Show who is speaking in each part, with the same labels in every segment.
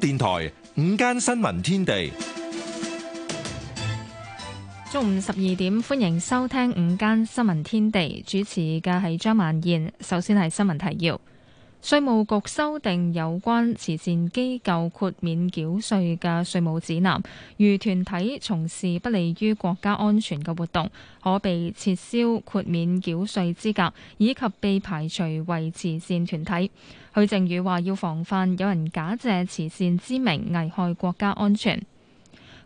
Speaker 1: 電台午間新聞
Speaker 2: 天地，
Speaker 3: 中午十二點，歡迎收聽午間新聞天地，主持嘅係張曼燕。首先係新聞提要。稅務局修訂有關慈善機構豁免繳稅嘅稅務指南，如團體從事不利於國家安全嘅活動，可被撤銷豁免繳稅資格，以及被排除為慈善團體。許正宇話：要防範有人假借慈善之名危害國家安全。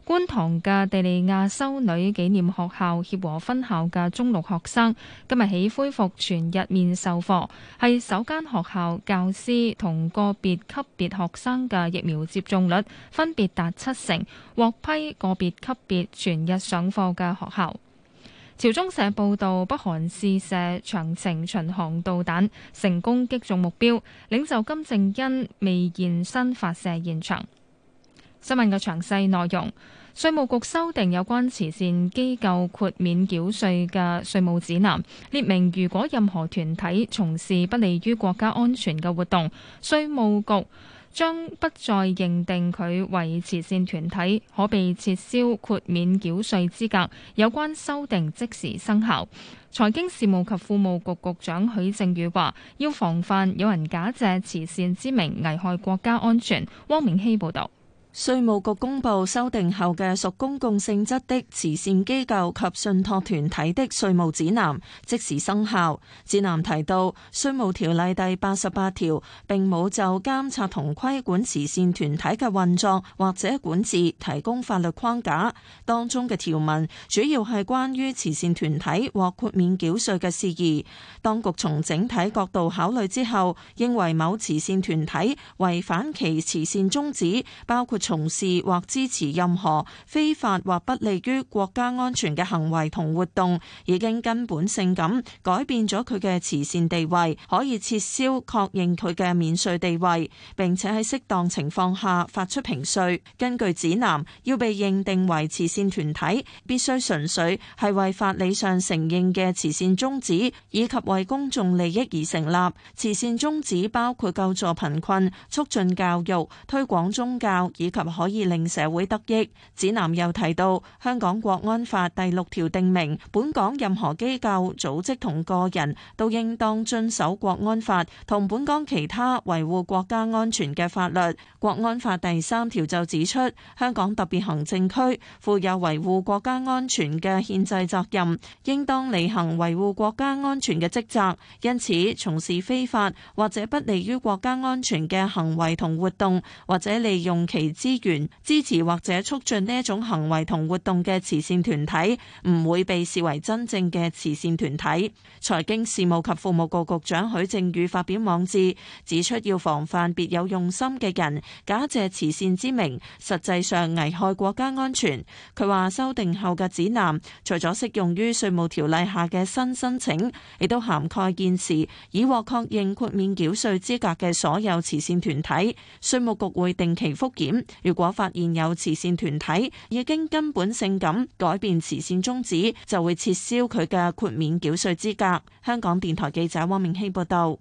Speaker 3: 觀塘嘅地利亞修女紀念學校協和分校嘅中六學生今日起恢復全日面授課，係首間學校教師同個別級別學生嘅疫苗接種率分別達七成，獲批個別級別全日上課嘅學校。朝中社報道，北韓試射長程巡航導彈，成功擊中目標。領袖金正恩未現身發射現場。新聞嘅詳細內容，稅務局修訂有關慈善機構豁免繳稅嘅稅務指南，列明如果任何團體從事不利於國家安全嘅活動，稅務局將不再認定佢為慈善團體，可被撤銷豁免繳稅資格。有關修訂即時生效。財經事務及庫務局局長許正宇話：要防範有人假借慈善之名危害國家安全。汪明熙報導。稅務局公
Speaker 4: 佈修訂後嘅屬公共性質的慈善機構及信託團體的稅務指南，即時生效。指南提到，稅務條例第八十八條並冇就監察同規管慈善團體嘅運作或者管治提供法律框架。當中嘅條文主要係關於慈善團體獲豁免繳稅嘅事宜。當局從整體角度考慮之後，認為某慈善團體違反其慈善宗旨，包括。從事或支持任何非法或不利於國家安全嘅行為同活動，已經根本性咁改變咗佢嘅慈善地位，可以撤銷確認佢嘅免稅地位，並且喺適當情況下發出評稅。根據指南，要被認定為慈善團體，必須純粹係為法理上承認嘅慈善宗旨，以及為公眾利益而成立。慈善宗旨包括救助貧困、促進教育、推廣宗教以。及可以令社會得益。指南又提到，香港國安法第六條定明，本港任何機構、組織同個人都應當遵守國安法同本港其他維護國家安全嘅法律。國安法第三條就指出，香港特別行政區負有維護國家安全嘅憲制責任，應當履行維護國家安全嘅職責。因此，從事非法或者不利於國家安全嘅行為同活動，或者利用其，支援、支持或者促進呢一種行為同活動嘅慈善團體，唔會被視為真正嘅慈善團體。財經事務及服務局局長許正宇發表網誌，指出要防範別有用心嘅人假借慈善之名，實際上危害國家安全。佢話修訂後嘅指南，除咗適用於稅務條例下嘅新申請，亦都涵蓋現時已獲確認豁免繳稅資格嘅所有慈善團體。稅務局會定期複檢。如果發現有慈善團體已經根本性咁改變慈善宗旨，就會撤銷佢嘅
Speaker 3: 豁免繳稅資格。香港電台記者汪明希報導。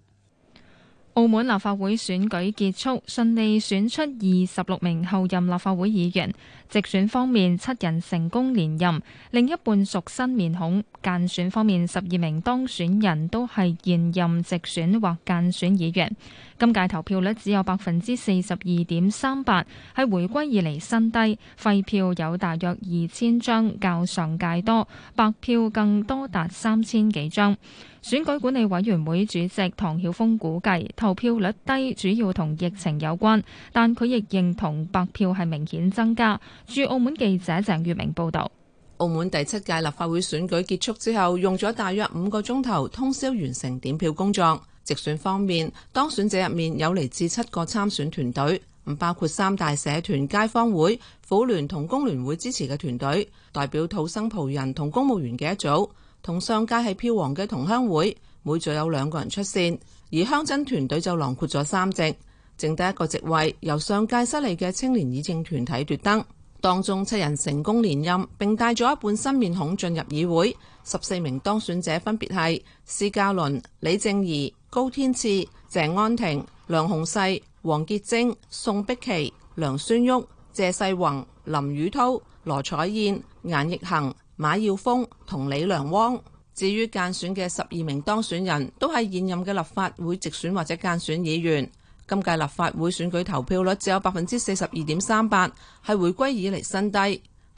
Speaker 3: 澳門立法會選舉結束，順利選出二十六名候任立法會議員。直選方面，七人成功連任，另一半屬新面孔。間選方面，十二名當選人都係現任直選或間選議員。今屆投票率只有百分之四十二點三八，係回歸以嚟新低。廢票有大約二千張，較上屆多；白票更多達三千幾張。選舉管理委員會主席唐曉峰估計投票率低主要同疫情有關，但佢亦認同白票係明顯增加。
Speaker 5: 駐澳門記者鄭月明報導。澳門第七屆立法會選舉結束之後，用咗大約五個鐘頭通宵完成點票工作。直選方面，當選者入面有嚟自七個參選團隊，唔包括三大社團、街坊會、婦聯同工聯會支持嘅團隊，代表土生葡人同公務員嘅一組，同上屆係票王嘅同鄉會，每組有兩個人出線，而鄉鎮團隊就囊括咗三席，剩低一個席位由上屆失利嘅青年議政團體奪得。當中七人成功連任，並帶咗一半新面孔進入議會。十四名當選者分別係施家倫、李靜儀、高天賜、鄭安庭、梁鴻細、黃潔貞、宋碧琪、梁孫旭、謝世宏、林宇濤、羅彩燕、顏奕恒、馬耀鋒同李良汪。至於間選嘅十二名當選人都係現任嘅立法會直選或者間選議員。今屆立法會選舉投票率只有百分之四十二點三八，係回歸以嚟新低。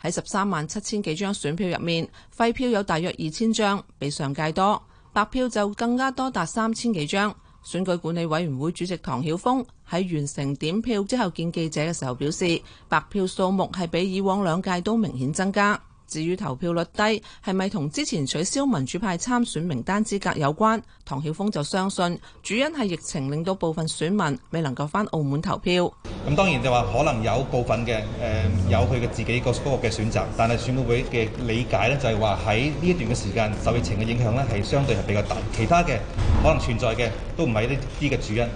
Speaker 5: 喺十三萬七千幾張選票入面，廢票有大約二千張，比上屆多；白票就更加多達三千幾張。選舉管理委員會主席唐曉峰喺完成點票之後見記者嘅時候表示，白票數目係比以往兩屆都明顯增加。至於投票率低係咪同之前取消民主派參選名單資格有關？唐曉峰就相信主因係疫情令到部分選民未能夠返澳門投票。
Speaker 1: 咁當然就話可能有部分嘅誒有佢嘅自己個嗰個嘅選擇，但係選委會嘅理解呢，就係話喺呢一段嘅時間受疫情嘅影響呢，係相對係比較大，其他嘅可能存在嘅都唔係呢啲嘅主因。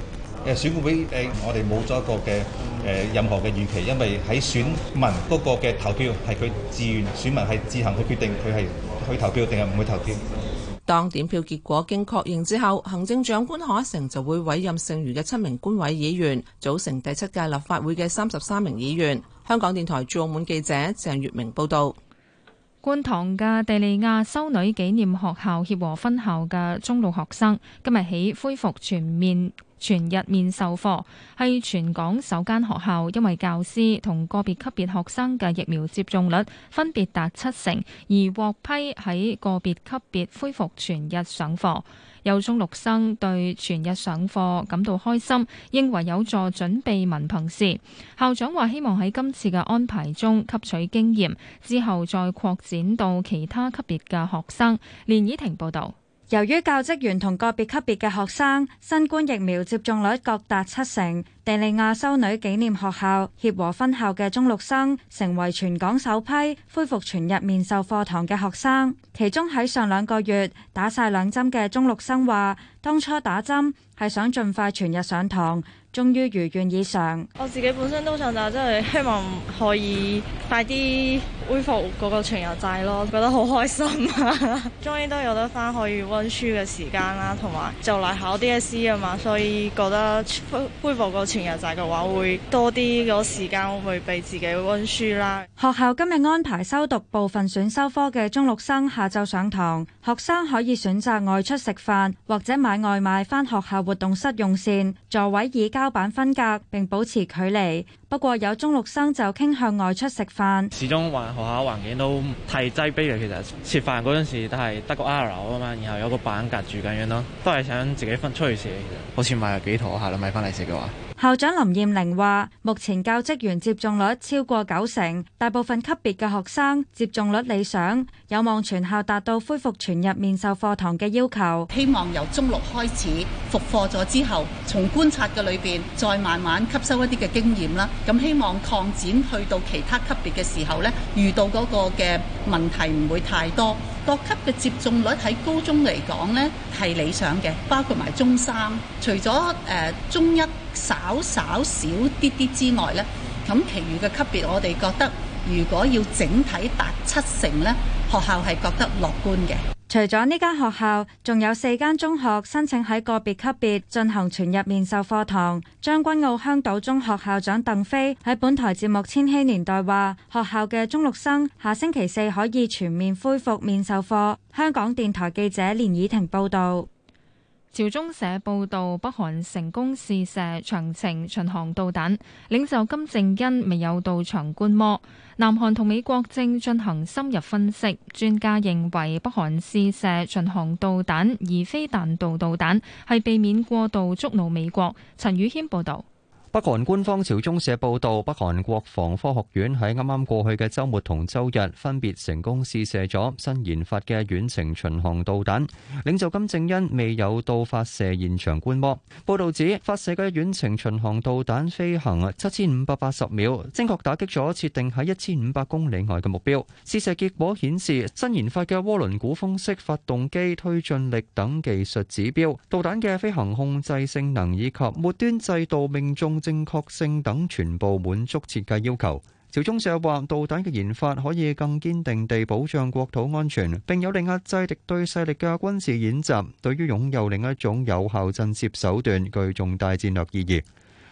Speaker 1: 誒選舉委誒，我哋冇咗一個嘅誒任何嘅預期，因為喺選民嗰個嘅投票係佢自願，選民係自行去決定佢係去投票定係唔會投票。
Speaker 5: 當點票結果經確認之後，行政長官賀一誠就會委任剩餘嘅七名官委議員，組成第七屆立法會嘅三十三名議員。香港電台駐澳門記者鄭月明報導。
Speaker 3: 觀塘嘅地利亞修女紀念學校協和分校嘅中六學生今日起恢復全面全日面授課，係全港首間學校，因為教師同個別級別學生嘅疫苗接種率分別達七成，而獲批喺個別級別恢復全日上課。有中六生對全日上課感到開心，認為有助準備文憑試。校長話希望喺今次嘅安排中吸取經驗，之後再擴展到其他級別嘅學生。連以婷報導。由於教職員同個別級別嘅學生新冠疫苗接種率
Speaker 6: 各達七成，地利亞修女紀念學校協和分校嘅中六生成為全港首批恢復全日面授課堂嘅學生。其中喺上兩個月打晒兩針嘅中六生話，當初打針係想盡快全日上堂。終於如願以償。
Speaker 4: 我自己本身都想就真係希望可以快啲恢復嗰個全日制咯，覺得好開心啊！終 於都有得翻可以溫書嘅時間啦，同埋就嚟考 DSE 啊嘛，所以覺得恢復個全日制嘅話，會多啲嗰時間去俾自己溫書啦。
Speaker 6: 學校今日安排修讀部分選修科嘅中六生下晝上堂，學生可以選擇外出食飯或者買外賣返學校活動室用膳，座位以家，膠板分隔，並保持距離。不過有中六生就傾向外出食飯。
Speaker 7: 始終環學校環境都太擠逼啦。其實食飯嗰陣時都係得個 R 樓啊嘛，o, 然後有個板隔住咁樣咯，都係想自己分出去食。其實好似買幾套學校啦，買翻嚟食嘅話。
Speaker 6: 校長林燕玲話：目前教職員接種率超過九成，大部分級別嘅學生接種率理想，有望全校達到恢復全日面
Speaker 5: 授課堂嘅要求。希望由中六開始復課咗之後，從觀察嘅裏邊再慢慢吸收一啲嘅經驗啦。咁希望擴展去到其他級別嘅時候呢，遇到嗰個嘅問題唔會太多。各級嘅接種率喺高中嚟講呢係理想嘅，包括埋中三，除咗誒中一稍稍少啲啲之外呢，咁其餘嘅級別我哋覺得如果要整體達七成呢，學校係覺得樂觀嘅。除咗
Speaker 6: 呢間學校，仲有四間中學申請喺個別級別進行全日面授課堂。將軍澳香島中學校長鄧飛喺本台節目《千禧年代》話，學校嘅中六生下星期四可以全面恢復面授課，香港電台
Speaker 3: 記者連怡婷報道。朝中社報道，北韓成功試射長程巡航導彈，領袖金正恩未有到場觀摩。南韓同美國正進行深入分析，專家認為北韓試射巡航導彈而非彈道導彈，係避免過度觸怒美國。陳宇謙報道。
Speaker 2: 北韓官方朝中社報道，北韓國防科學院喺啱啱過去嘅周末同周日，分別成功試射咗新研發嘅遠程巡航導彈。領袖金正恩未有到發射現場觀摩。報道指，發射嘅遠程巡航導彈飛行七千五百八十秒，精確打擊咗設定喺一千五百公里外嘅目標。試射結果顯示，新研發嘅渦輪鼓風式發動機推進力等技術指標，導彈嘅飛行控制性能以及末端制導命中正確性等全部滿足設計要求。朝中社話：導彈嘅研發可以更堅定地保障國土安全，並有力壓制敵對勢力嘅軍事演習，對於擁有另一種有效震懾手段，具重大戰略意義。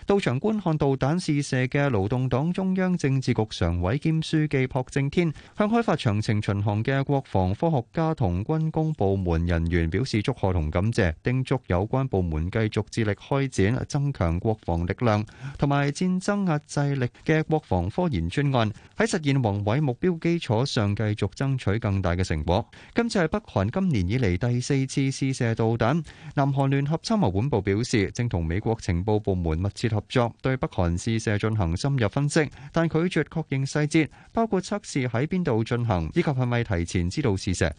Speaker 2: 到場觀看導彈試射嘅勞動黨中央政治局常委兼書記朴正天，向開發長程巡航嘅國防科學家同軍工部門人員表示祝賀同感謝，叮囑有關部門繼續致力開展增強國防力量同埋戰爭壓制力嘅國防科研專案，喺實現宏偉目標基礎上繼續爭取更大嘅成果。今次係北韓今年以嚟第四次試射導彈，南韓聯合參謀本部表示，正同美國情報部門密切同合作對北韓試射進行深入分析，但拒絕確認細節，包括測試喺邊度進行，以及係咪提前知道試射。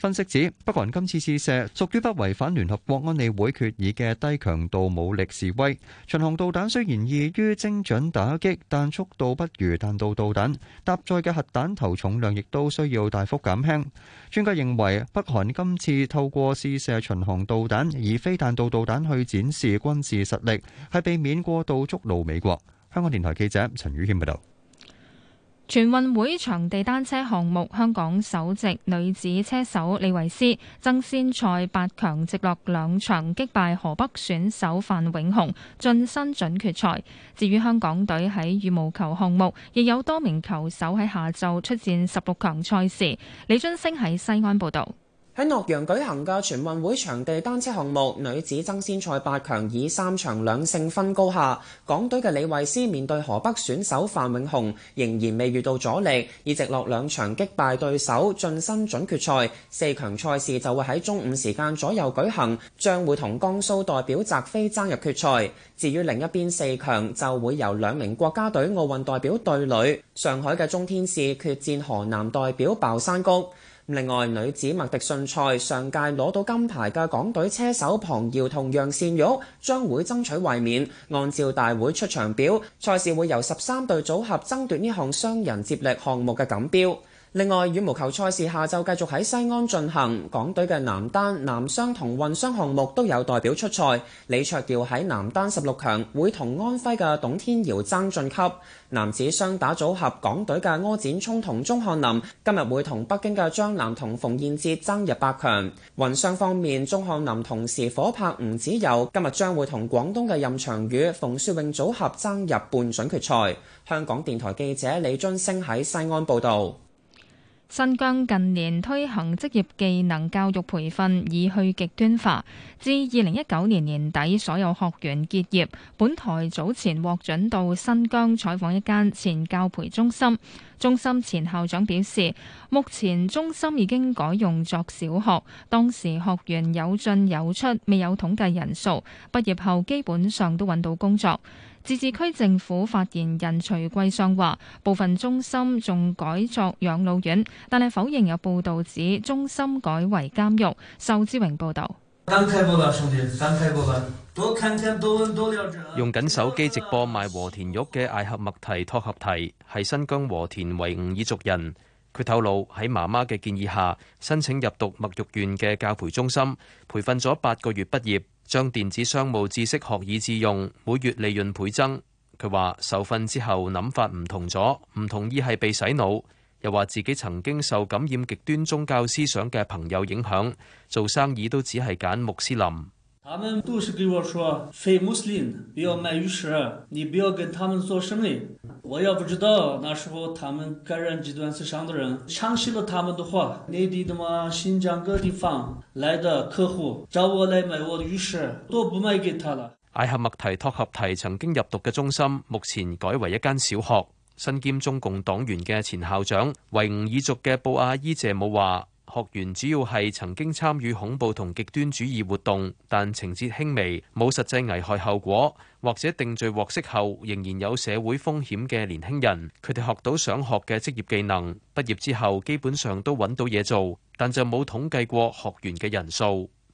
Speaker 2: 分析指，北韓今次試射屬於不違反聯合國安理會決議嘅低強度武力示威。巡航導彈雖然易於精準打擊，但速度不如彈道導彈，搭載嘅核彈頭重量亦都需要大幅減輕。專家認為，北韓今次透過試射巡航導彈，而非彈道導彈去展示軍事實力，係避免過度觸怒美國。香港電台記者陳宇謙報道。全
Speaker 3: 運會場地單車項目，香港首席女子車手李維斯，爭先賽八強直落兩場擊敗河北選手范永雄，晉身準決賽。至於香港隊喺羽毛球項目，亦有多名球手喺下晝出戰十六強賽事。李津星喺西安報導。
Speaker 8: 喺洛陽舉行嘅全運會場地單車項目女子爭先賽八強以三場兩勝分高下，港隊嘅李慧詩面對河北選手范永紅，仍然未遇到阻力，以直落兩場擊敗對手，晉身準決賽。四強賽事就會喺中午時間左右舉行，將會同江蘇代表澤飛爭入決賽。至於另一邊四強就會由兩名國家隊奧運代表對壘，上海嘅鍾天使決戰河南代表鮑珊菊。另外，女子麥迪遜賽上屆攞到金牌嘅港隊車手龐耀同楊善玉將會爭取衛冕。按照大會出場表，賽事會由十三隊組合爭奪呢項雙人接力項目嘅錦標。另外，羽毛球賽事下晝繼續喺西安進行。港隊嘅男單、男雙同混雙項目都有代表出賽。李卓調喺男單十六強會同安徽嘅董天瑤爭晉級，男子雙打組合港隊嘅柯展聰同鐘漢林今日會同北京嘅張楠同馮燕哲爭入八強，混雙方面，鐘漢林同時夥拍吳子友今日將會同廣東嘅任翔宇馮雪穎組合爭入半準決賽，香港電台記者李津升喺西安報道。
Speaker 3: 新疆近年推行職業技能教育培訓已去極端化。至二零一九年年底，所有學員結業，本台早前獲准到新疆採訪一間前教培中心，中心前校長表示，目前中心已經改用作小學，當時學員有進有出，未有統計人數，畢業後基本上都揾到工作。自治區政府發言人徐桂湘話：部分中心仲改作養老院，但係否認有報道指中心改為監獄。壽之榮報道。
Speaker 9: 用緊手機直播賣和田玉嘅艾合麥提托合提係新疆和田維吾爾族人，佢透露喺媽媽嘅建議下，申請入讀墨玉縣嘅教培中心，培訓咗八個月畢業。將電子商務知識學以致用，每月利潤倍增。佢話受訓之後諗法唔同咗，唔同意係被洗腦。又話自己曾經受感染極端宗教思想嘅朋友影響，做生意都只係揀穆斯林。
Speaker 7: 他們都是跟我說，非穆斯林不要買玉石，你不要跟他們做生意。我也不知道，那時候他們感染極端思想的人，相信了他們的話。內地的嘛，新疆各地方來的客戶找我來買我的玉石，都不賣給他啦。
Speaker 9: 艾合麥提托合提曾經入讀嘅中心，目前改為一間小學。身兼中共黨員嘅前校長維吾爾族嘅布阿伊謝姆話：學員主要係曾經參與恐怖同極端主義活動，但情節輕微、冇實際危害後果，或者定罪獲釋後仍然有社會風險嘅年輕人。佢哋學到想學嘅職業技能，畢業之後基本上都揾到嘢做，但就冇統計過學員嘅人數。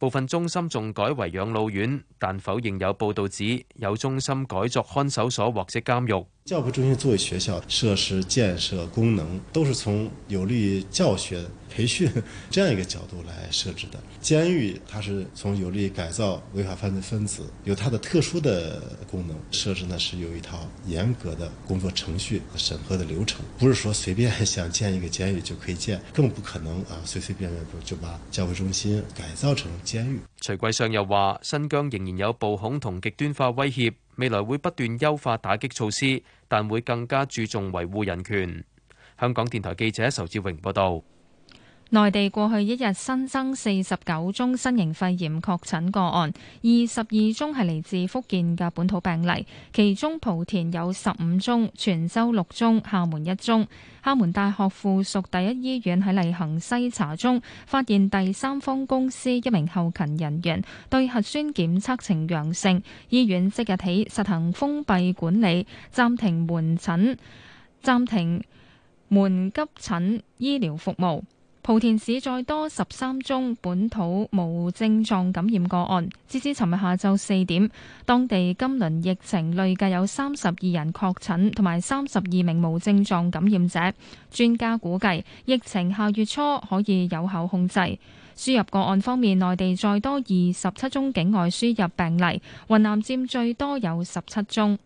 Speaker 9: 部分中心仲改為養老院，但否認有報道指有中心改作看守所或者監獄。
Speaker 7: 教培中心作為學校設施建設功能，都是從有利於教學、培訓這樣一個角度來設置的。監獄它是從有利於改造違法犯罪分子，有它的特殊的功能。設置呢是有一套嚴格的工作程序和審核的流程，不是說隨便想建一個監獄就可以建，更不可能啊隨隨便便就把教培中心改造成。
Speaker 9: 徐桂上又話：新疆仍然有暴恐同極端化威脅，未來會不斷優化打擊措施，但會更加注重維護人權。香港電台記者仇志榮報導。
Speaker 3: 內地過去一日新增四十九宗新型肺炎確診個案，二十二宗係嚟自福建嘅本土病例，其中莆田有十五宗，泉州六宗，廈門一宗。廈門大學附屬第一醫院喺例行篩查中發現第三方公司一名後勤人員對核酸檢測呈陽性，醫院即日起實行封閉管理，暫停門診、暫停門急診醫療服務。莆田市再多十三宗本土無症狀感染個案，截至尋日下晝四點，當地今輪疫情累計有三十二人確診，同埋三十二名無症狀感染者。專家估計疫情下月初可以有效控制。輸入個案方面，內地再多二十七宗境外輸入病例，雲南佔最多，有十七宗。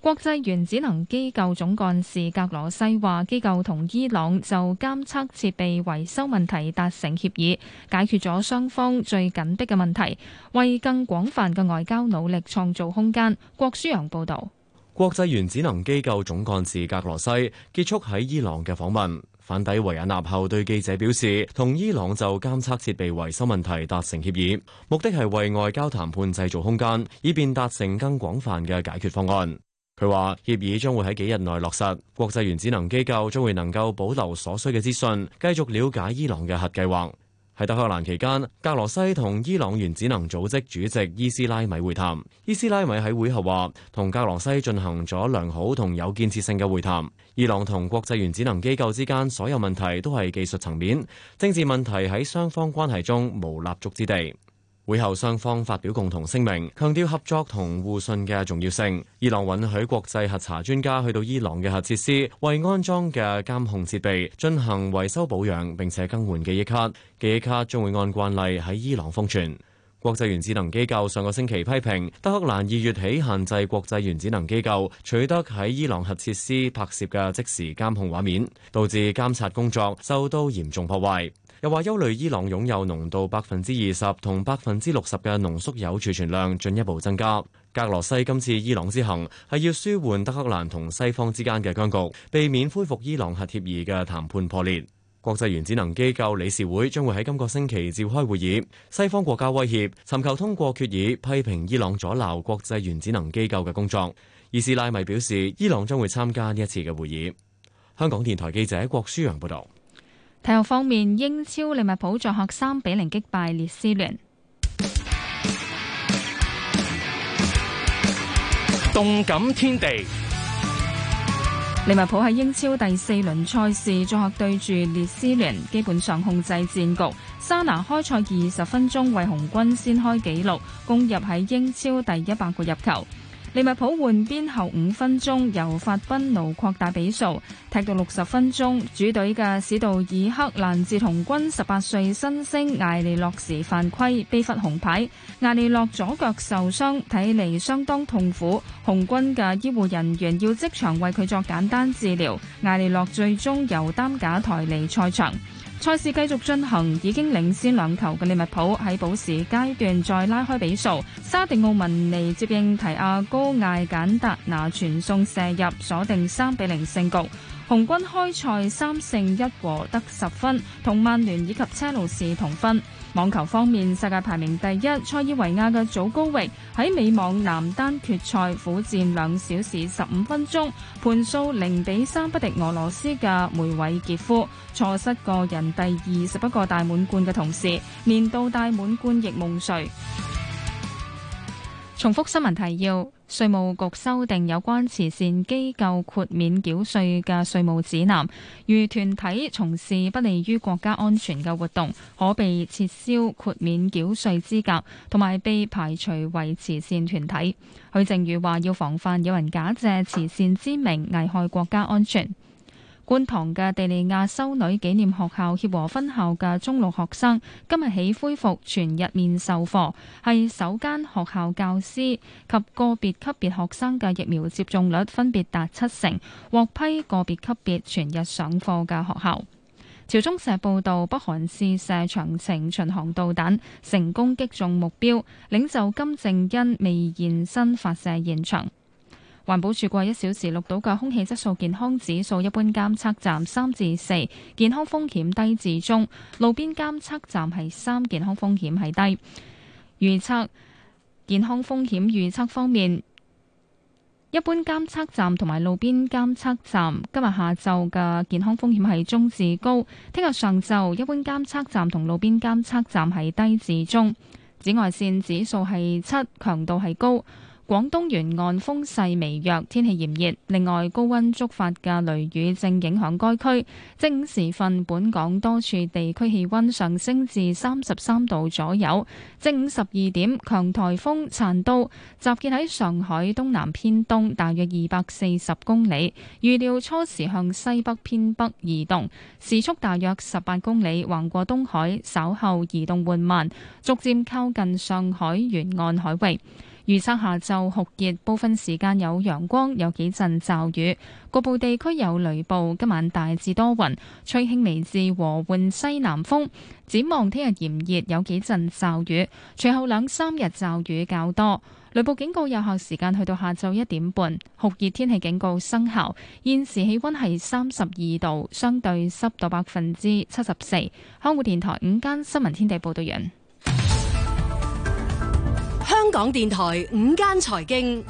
Speaker 3: 國際原子能機構總幹事格羅西話，機構同伊朗就監測設備維修問題達成協議，解決咗雙方最緊迫嘅問題，為更廣泛嘅外交努力創造空間。郭舒陽報道。
Speaker 7: 國際原子能機構總幹事格羅西結束喺伊朗嘅訪問，返抵維也納後，對記者表示，同伊朗就監測設備維修問題達成協議，目的係為外交談判製造空間，以便達成更廣泛嘅解決方案。佢話協議將會喺幾日內落實，國際原子能機構將會能夠保留所需嘅資訊，繼續了解伊朗嘅核計劃。喺德黑蘭期間，格羅西同伊朗原子能組織主席伊斯拉米會談。伊斯拉米喺會後話，同格羅西進行咗良好同有建設性嘅會談。伊朗同國際原子能機構之間所有問題都係技術層面，政治問題喺雙方關係中無立足之地。會後，雙方發表共同聲明，強調合作同互信嘅重要性。伊朗允許國際核查專家去到伊朗嘅核設施，為安裝嘅監控設備進行維修保養，並且更換記憶卡。記憶卡將會按慣例喺伊朗封存。國際原子能機構上個星期批評，德黑蘭二月起限制國際原子能機構取得喺伊朗核設施拍攝嘅即時監控畫面，導致監察工作受到嚴重破壞。又話憂慮伊朗擁有濃度百分之二十同百分之六十嘅濃縮鈾儲存量進一步增加。格羅西今次伊朗之行係要舒緩德黑蘭同西方之間嘅僵局，避免恢復伊朗核協議嘅談判破裂。國際原子能機構理事會將會喺今個星期召開會議，西方國家威脅尋求通過決議批評伊朗阻撓國際原子能機構嘅工作。伊斯拉米表示，伊朗將會參加呢一次嘅會議。香港電台記者郭舒揚報道。
Speaker 3: 體育方面，英超利物浦作客三比零擊敗列斯聯。
Speaker 1: 動感天地，
Speaker 3: 利物浦喺英超第四輪賽事作客對住列斯聯，基本上控制戰局。沙拿開賽二十分鐘為紅軍先開紀錄，攻入喺英超第一百個入球。利物浦換邊後五分鐘由法賓奴擴大比數，踢到六十分鐘。主隊嘅史杜爾克攔截紅軍十八歲新星艾利洛時犯規，被罰紅牌。艾利洛左腳受傷，睇嚟相當痛苦。紅軍嘅醫護人員要即場為佢作簡單治療。艾利洛最終由擔架抬離賽場。賽事繼續進行，已經領先兩球嘅利物浦喺補時階段再拉開比數。沙迪奧文尼接應提亞高艾簡達拿傳送射入，鎖定三比零勝局。紅軍開賽三勝一和得十分，同曼聯以及車路士同分。網球方面，世界排名第一塞爾維亞嘅祖高域喺美網男單決賽苦戰兩小時十五分鐘，盤數零比三不敵俄羅斯嘅梅偉杰夫，錯失個人第二十一個大滿貫嘅同時，年度大滿貫亦夢碎。重複新聞提要。稅務局修訂有關慈善機構豁免繳稅嘅稅務指南，如團體從事不利於國家安全嘅活動，可被撤銷豁免繳稅資格，同埋被排除為慈善團體。許正宇話：要防範有人假借慈善之名危害國家安全。觀塘嘅地利亞修女紀念學校協和分校嘅中六學生今日起恢復全日面授課，係首間學校教師及個別級別學生嘅疫苗接種率分別達七成，獲批個別級別全日上課嘅學校。朝中社報導，北韓試射長程巡航導彈，成功擊中目標。領袖金正恩未現身發射現場。環保署過一小時錄到嘅空氣質素健康指數，一般監測站三至四，健康風險低至中；路邊監測站係三，健康風險係低。預測健康風險預測方面，一般監測站同埋路邊監測站今日下晝嘅健康風險係中至高，聽日上晝一般監測站同路邊監測站係低至中。紫外線指數係七，強度係高。廣東沿岸風勢微弱，天氣炎熱。另外，高溫觸發嘅雷雨正影響該區。正午時分，本港多處地區氣溫上升至三十三度左右。正午十二點，強颱風燦都集結喺上海東南偏東大約二百四十公里，預料初時向西北偏北移動，時速大約十八公里，橫過東海，稍後移動緩慢，逐漸靠近上海沿岸海域。預測下晝酷熱，部分時間有陽光，有幾陣驟雨，局部地區有雷暴。今晚大致多雲，吹輕微至和緩西南風。展望聽日炎熱，有幾陣驟雨，隨後兩三日驟雨較多。雷暴警告有效時間去到下晝一點半，酷熱天氣警告生效。現時氣溫係三十二度，相對濕度百分之七十四。香港電台午間新聞天地報道完。香港電台午間財經。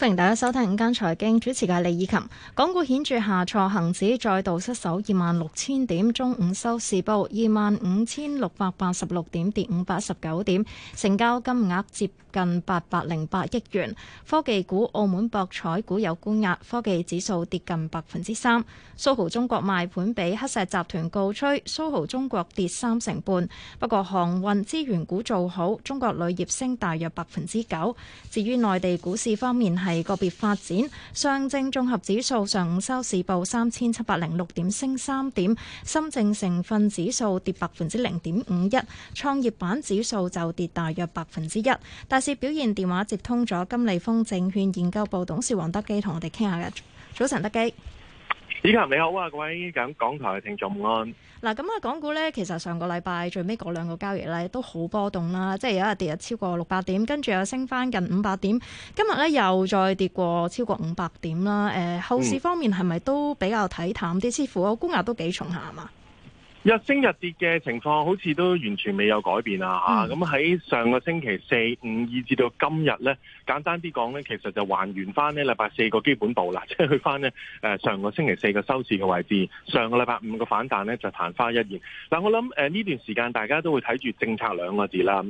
Speaker 10: 歡迎大家收聽午間財經，主持嘅係李以琴。港股顯著下挫，恒指再度失守二萬六千點，中午收市報二萬五千六百八十六點，跌五百一十九點，成交金額接近八百零八億元。科技股、澳門博彩股有沽壓，科技指數跌近百分之三。蘇豪中國賣盤比黑石集團告吹，蘇豪中國跌三成半。不過航運資源股做好，中國鋁業升大約百分之九。至於內地股市方面係。係個別發展，上證綜合指數上午收市報三千七百零六點，升三點；深證成分指數跌百分之零點五一，創業板指數就跌大約百分之一。大市表現，電話接通咗金利豐證券研究部董事王德基，同我哋傾下嘅。早晨，德基。
Speaker 1: 李家，你好啊！各位港港台嘅聽眾，午安。
Speaker 10: 嗱、嗯，咁啊，港股咧，其實上個禮拜最尾嗰兩個交易咧，都好波動啦。即係有一日跌咗超過六百點，跟住又升翻近五百點。今日咧又再跌過超過五百點啦。誒、呃，後市方面係咪都比較睇淡啲？嗯、似乎個沽壓都幾重下嘛？嗯
Speaker 1: 日升日跌嘅情況好似都完全未有改變，嗯、啊！嚇，咁喺上個星期四、五，以至到今日呢，簡單啲講呢，其實就還原翻呢禮拜四個基本步啦，即係去翻呢，誒、呃、上個星期四嘅收市嘅位置。上個禮拜五嘅反彈呢，就曇花一現。嗱，我諗誒呢段時間大家都會睇住政策兩個字啦。而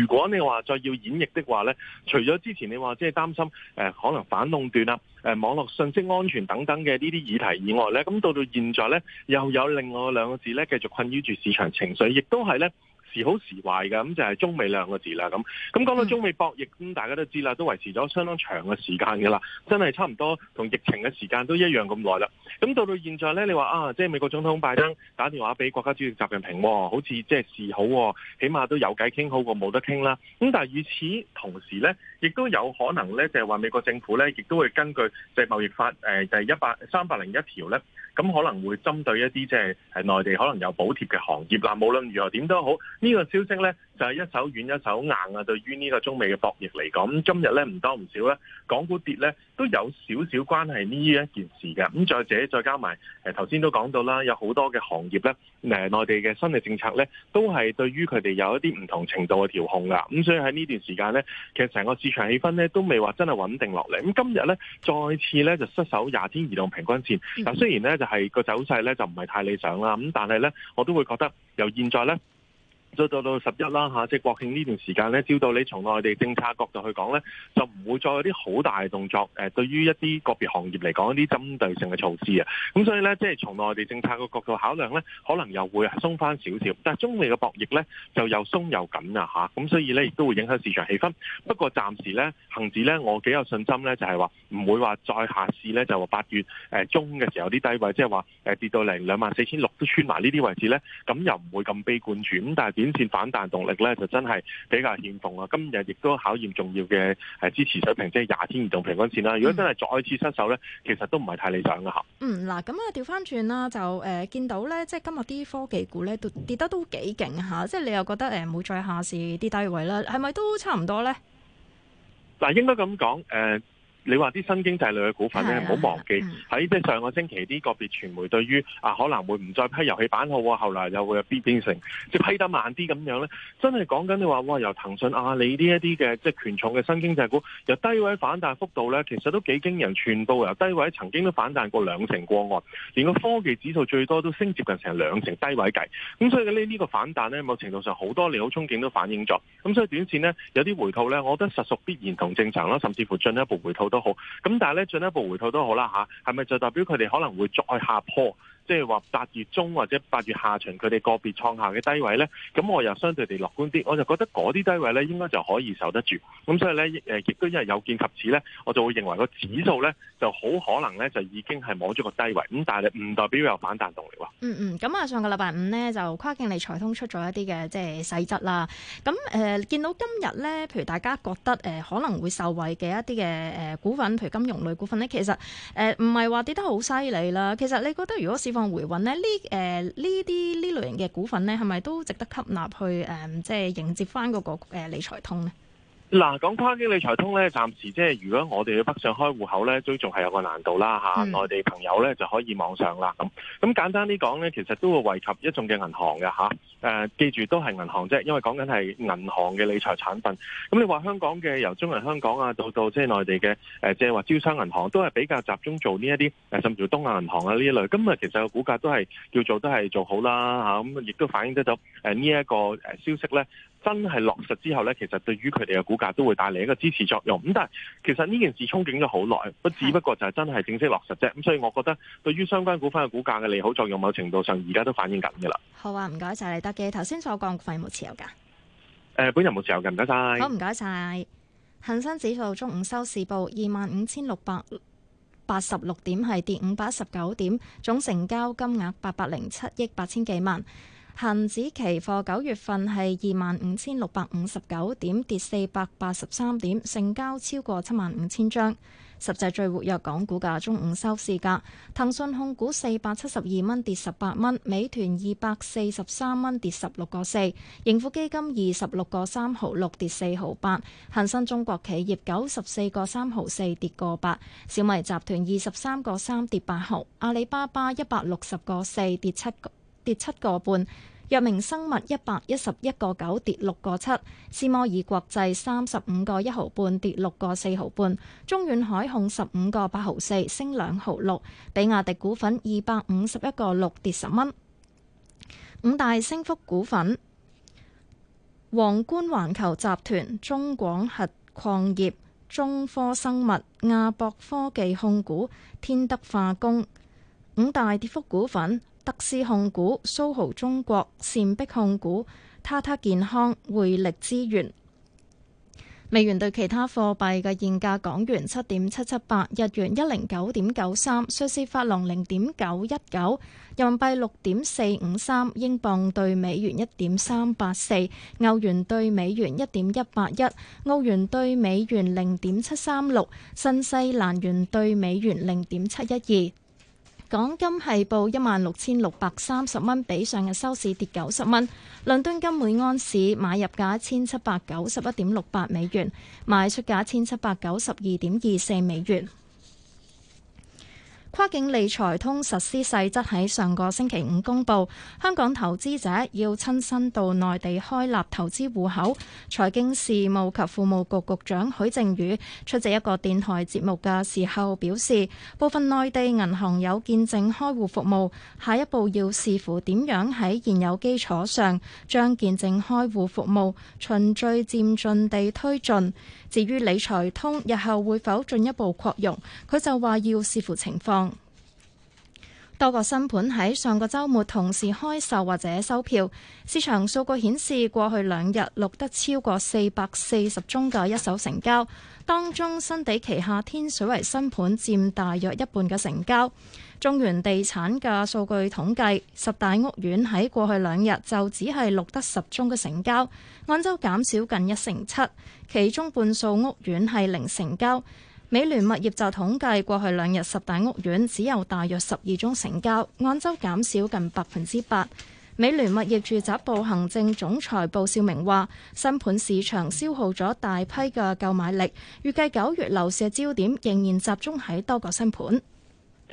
Speaker 1: 如果你話再要演繹的話呢，除咗之前你話即係擔心誒、呃、可能反壟斷啦。誒網絡信息安全等等嘅呢啲議題以外呢，咁到到現在呢，又有另外兩個字呢，繼續困擾住市場情緒，亦都係呢。時好時壞㗎，咁就係中美兩個字啦。咁咁講到中美博弈，咁大家都知啦，都維持咗相當長嘅時間㗎啦，真係差唔多同疫情嘅時間都一樣咁耐啦。咁到到現在呢，你話啊，即係美國總統拜登打電話俾國家主席習近平，哦、好似即係示好、哦，起碼都有偈傾好過冇得傾啦。咁但係與此同時呢，亦都有可能呢，就係話美國政府呢，亦都會根據即係貿易法誒第、呃就係、一百三百零一條呢，咁可能會針對一啲即係誒內地可能有補貼嘅行業啦、啊。無論如何，點都好。呢個消息呢，就係、是、一手軟一手硬啊！對於呢個中美嘅博弈嚟講、嗯，今日呢唔多唔少呢，港股跌呢，都有少少關係呢一件事嘅。咁、嗯、再者，再加埋誒頭先都講到啦，有好多嘅行業呢，誒、呃、內地嘅新嘅政策呢，都係對於佢哋有一啲唔同程度嘅調控噶。咁、嗯、所以喺呢段時間呢，其實成個市場氣氛呢，都未話真係穩定落嚟。咁、嗯、今日呢，再次呢，就失守廿天移動平均線。嗱、嗯、雖然呢，就係、是、個走勢呢，就唔係太理想啦，咁但係呢，我都會覺得由現在呢。就到到十一啦吓，即係國慶呢段時間咧，照到你從內地政策角度去講咧，就唔會再有啲好大嘅動作。誒、呃，對於一啲個別行業嚟講，一啲針對性嘅措施啊，咁所以咧，即係從內地政策嘅角度考量咧，可能又會鬆翻少少。但係中美嘅博弈咧，就又鬆又緊啊吓，咁所以咧，亦都會影響市場氣氛。不過暫時咧，恆指咧，我幾有信心咧，就係話唔會話再下市咧，就話八月誒中嘅時候啲低位，即係話誒跌到嚟兩萬四千六都穿埋呢啲位置咧，咁又唔會咁悲觀住。咁但係。短線反彈動力咧，就真係比較欠奉啊！今日亦都考驗重要嘅誒支持水平，即係廿天移動平均線啦。如果真係再次失守咧，其實都唔係太理想噶吓。嗯，
Speaker 10: 嗱，咁啊，調翻轉啦，就誒、呃、見到咧，即係今日啲科技股咧，都跌得都幾勁吓。即係你又覺得誒，會、呃、再下試啲低位咧？係咪都差唔多咧？
Speaker 1: 嗱、呃，應該咁講誒。呃你話啲新經濟類嘅股份咧，唔好、啊、忘記喺即係上個星期啲個別傳媒對於啊可能會唔再批遊戲版號，後嚟又會有變變性，即批得慢啲咁樣咧。真係講緊你話哇，由騰訊、阿里呢一啲嘅即係權重嘅新經濟股由低位反彈幅度咧，其實都幾驚人，全部由低位曾經都反彈過兩成過外，連個科技指數最多都升接近成兩成低位計。咁所以呢呢個反彈咧，某程度上好多利好憧憬都反映咗。咁所以短線呢，有啲回吐咧，我覺得實屬必然同正常啦，甚至乎進一步回吐。都好，咁但係咧進一步回吐都好啦吓，係咪就代表佢哋可能會再下坡？即係話八月中或者八月下旬，佢哋個別創下嘅低位咧，咁我又相對地樂觀啲，我就覺得嗰啲低位咧應該就可以守得住。咁所以咧，誒亦都因為有見及此咧，我就會認為個指數咧就好可能咧就已經係摸咗個低位。咁但係你唔代表有反彈動力喎、嗯。嗯
Speaker 10: 嗯。咁啊，上個禮拜五咧就跨境理財通出咗一啲嘅即係細則啦。咁誒、呃、見到今日咧，譬如大家覺得誒、呃、可能會受惠嘅一啲嘅誒股份，譬如金融類股份咧，其實誒唔係話跌得好犀利啦。其實你覺得如果市況回穩咧，呢誒呢啲呢類型嘅股份咧，係咪都值得吸納去誒、呃？即係迎接翻嗰、那個誒、呃、理財通咧？
Speaker 1: 嗱，講跨境理財通咧，暫時即係如果我哋去北上開戶口咧，都仲係有個難度啦，吓，內地朋友咧就可以網上啦，咁咁簡單啲講咧，其實都會惠及一眾嘅銀行嘅，吓誒，記住都係銀行啫，因為講緊係銀行嘅理財產品。咁你話香港嘅由中銀香港啊，到到即係內地嘅誒，即係話招商銀行都係比較集中做呢一啲誒，甚至乎東亞銀行啊呢一類，今日其實個股價都係叫做都係做好啦，吓，咁亦都反映得到誒呢一個誒消息咧。真係落實之後呢，其實對於佢哋嘅股價都會帶嚟一個支持作用。咁但係其實呢件事憧憬咗好耐，不只不過就係真係正式落實啫。咁是的 所以我覺得對於相關股份嘅股價嘅利好作用，某程度上而家都反映緊嘅啦。
Speaker 10: 好啊，唔該晒你，得嘅。頭先所講股份有冇持有噶？
Speaker 1: 誒、呃，本人冇持有嘅，唔該晒。好，唔
Speaker 10: 該晒。恒生指數中午收市報二萬五千六百八十六點，係跌五百十九點，總成交金額八百零七億八千幾萬。恒指期貨九月份係二萬五千六百五十九點，跌四百八十三點，成交超過七萬五千張。實際最活躍港股價中午收市價，騰訊控股四百七十二蚊，跌十八蚊；美團二百四十三蚊，跌十六個四；盈富基金二十六個三毫六，跌四毫八；恒生中國企業九十四個三毫四，跌個八；小米集團二十三個三跌八毫；阿里巴巴一百六十個四跌七跌七個半。藥明生物一百一十一個九跌六個七，斯摩爾國際三十五個一毫半跌六個四毫半，中遠海控十五個八毫四升兩毫六，比亞迪股份二百五十一個六跌十蚊。五大升幅股份：皇冠環球集團、中廣核礦業、中科生物、亞博科技控股、天德化工。五大跌幅股份。德事控股、蘇豪中國、善碧控股、塔塔健康、匯力資源。美元兌其他貨幣嘅現價：港元七點七七八，日元一零九點九三，瑞士法郎零點九一九，人民幣六點四五三，英鎊兌美元一點三八四，歐元兌美元一點一八一，澳元兌美元零點七三六，新西蘭元兌美元零點七一二。港金係報一萬六千六百三十蚊，比上日收市跌九十蚊。倫敦金每安士買入價一千七百九十一點六八美元，賣出價一千七百九十二點二四美元。跨境理財通實施細則喺上個星期五公布，香港投資者要親身到內地開立投資戶口。財經事務及庫務局局長許正宇出席一個電台節目嘅時候表示，部分內地銀行有見證開戶服務，下一步要視乎點樣喺現有基礎上將見證開戶服務循序漸進地推進，至於理財通日後會否進一步擴容，佢就話要視乎情況。多個新盤喺上個周末同時開售或者收票，市場數據顯示過去兩日錄得超過四百四十宗嘅一手成交，當中新地旗下天水圍新盤佔大約一半嘅成交。中原地產嘅數據統計，十大屋苑喺過去兩日就只係錄得十宗嘅成交，按周減少近一成七，其中半數屋苑係零成交。美聯物業就統計過去兩日十大屋苑只有大約十二宗成交，按周減少近百分之八。美聯物業住宅部行政總裁布少明話：新盤市場消耗咗大批嘅購買力，預計九月樓市焦點仍然集中喺多個新盤。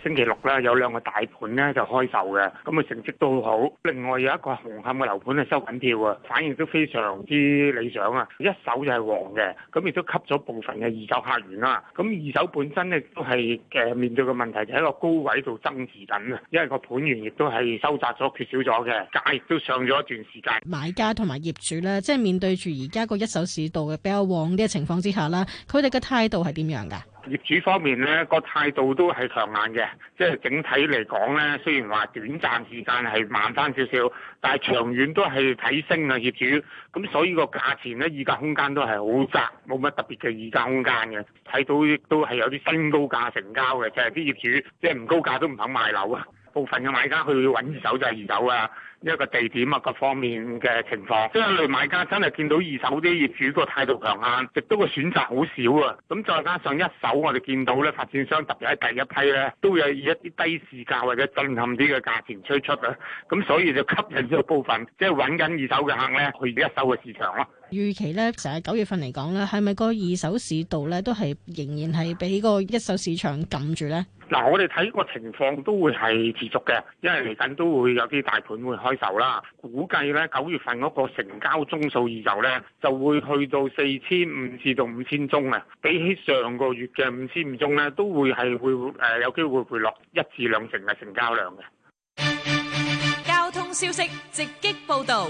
Speaker 11: 星期六咧，有兩個大盤咧就開售嘅，咁啊成績都好。另外有一個紅磡嘅樓盤咧收緊票啊，反應都非常之理想啊。一手就係旺嘅，咁亦都吸咗部分嘅二手客源啦。咁二手本身咧都係誒面對嘅問題就喺個高位度爭持緊啊，因為個盤源亦都係收窄咗，缺少咗嘅價亦都上咗一段時間。
Speaker 4: 買家同埋業主咧，即係面對住而家個一手市道嘅比較旺嘅情況之下啦，佢哋嘅態度係點樣㗎？
Speaker 11: 業主方面咧，個態度都係強硬嘅，即係整體嚟講咧，雖然話短暫時間係慢返少少，但係長遠都係睇升啊！業主咁，所以個價錢咧，議價空間都係好窄，冇乜特別嘅議價空間嘅，睇到都係有啲新高價成交嘅，就係啲業主即係唔高價都唔肯賣樓啊，部分嘅買家去揾二手就係二手啊。一個地點啊，各方面嘅情況，即係類買家真係見到二手啲業主個態度強硬啊，亦都個選擇好少啊。咁再加上一手，我哋見到咧，發展商特別喺第一批咧，都有以一啲低市價或者震撼啲嘅價錢推出啊。咁所以就吸引咗部分即係揾緊二手嘅客咧去一手嘅市場咯啊。預
Speaker 4: 期咧，成喺九月份嚟講咧，係咪個二手市道咧都係仍然係俾個一手市場撳住咧？
Speaker 11: 嗱，我哋睇個情況都會係持續嘅，因為嚟緊都會有啲大盤會開售啦。估計咧，九月份嗰個成交宗數二手咧就會去到四千五至到五千宗啊！比起上個月嘅五千五宗咧，都會係會誒、呃、有機會回落一至兩成嘅成交量嘅。
Speaker 10: 交通消息直擊報道。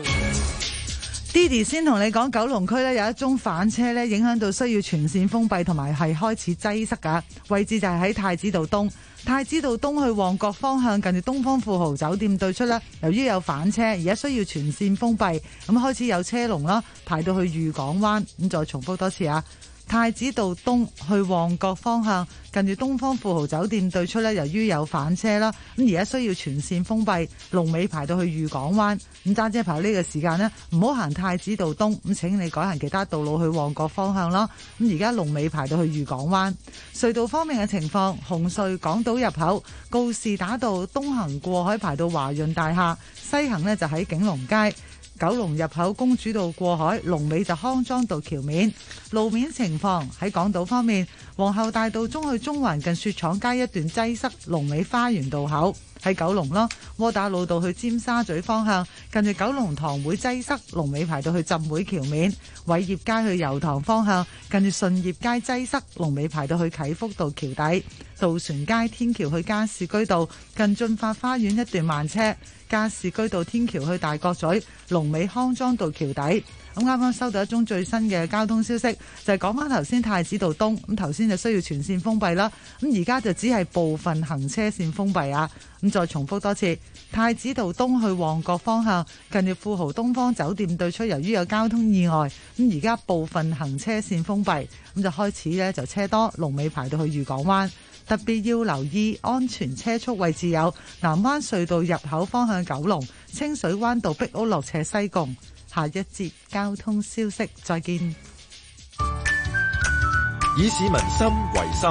Speaker 12: Didi 先同你講，九龍區咧有一宗反車咧，影響到需要全線封閉同埋係開始擠塞噶，位置就係喺太子道東，太子道東去旺角方向，近住東方富豪酒店對出啦。由於有反車，而家需要全線封閉，咁開始有車龍啦，排到去御港灣。咁再重複多次啊！太子道東去旺角方向，近住東方富豪酒店對出呢，由於有反車啦，咁而家需要全線封閉，龍尾排到去御港灣。咁揸車排呢個時間呢，唔好行太子道東，咁請你改行其他道路去旺角方向咯。咁而家龍尾排到去御港灣。隧道方面嘅情況，紅隧港島入口告士打道東行過海排到華潤大廈，西行呢就喺景隆街。九龍入口公主道過海，龍尾就康莊道橋面。路面情況喺港島方面。皇后大道中去中環近雪廠街一段擠塞，龍尾花園道口喺九龍咯。窩打老道去尖沙咀方向，近住九龍塘會擠塞，龍尾排到去浸會橋面。偉業街去油塘方向，近住順業街擠塞，龍尾排到去啟福道橋底。渡船街天橋去加士居道近駿發花園一段慢車。加士居道天橋去大角咀，龍尾康莊道橋底。咁啱啱收到一宗最新嘅交通消息，就係講翻頭先太子道東，咁頭先就需要全線封閉啦。咁而家就只係部分行車線封閉啊。咁再重複多次，太子道東去旺角方向，近住富豪東方酒店對出，由於有交通意外，咁而家部分行車線封閉，咁就開始咧就車多，龍尾排到去漁港灣，特別要留意安全車速位置有南灣隧道入口方向九龍清水灣道壁屋落斜西貢。下一節交通消息，再見。
Speaker 1: 以市民心為心，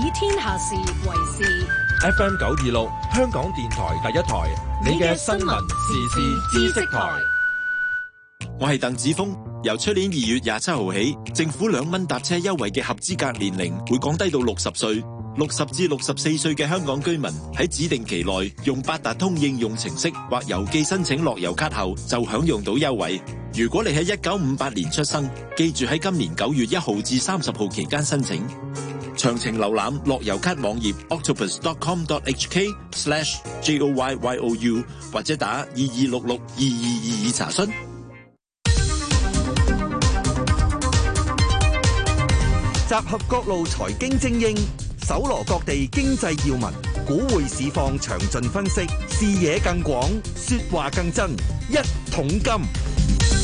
Speaker 12: 以天下事為事。
Speaker 1: F M 九二六，香港電台第一台，你嘅新聞時事治知識台。我係鄧子峰，由出年二月廿七號起，政府兩蚊搭車優惠嘅合資格年齡會降低到六十歲。60至64歲嘅香港居民喺指定期內，用八達通應用程式或郵寄申請樂悠咭後，就享用到優惠。如果你喺1958年出生，記住喺今年9月1號至30號期間申請。詳情瀏覽樂悠咭網頁 octopus.com.hk/joyyou 或者打22662222查詢。
Speaker 2: 集合各路財經精英，搜羅各地經濟要聞，股匯市況詳盡分析，視野
Speaker 1: 更廣，説話更真，一桶金。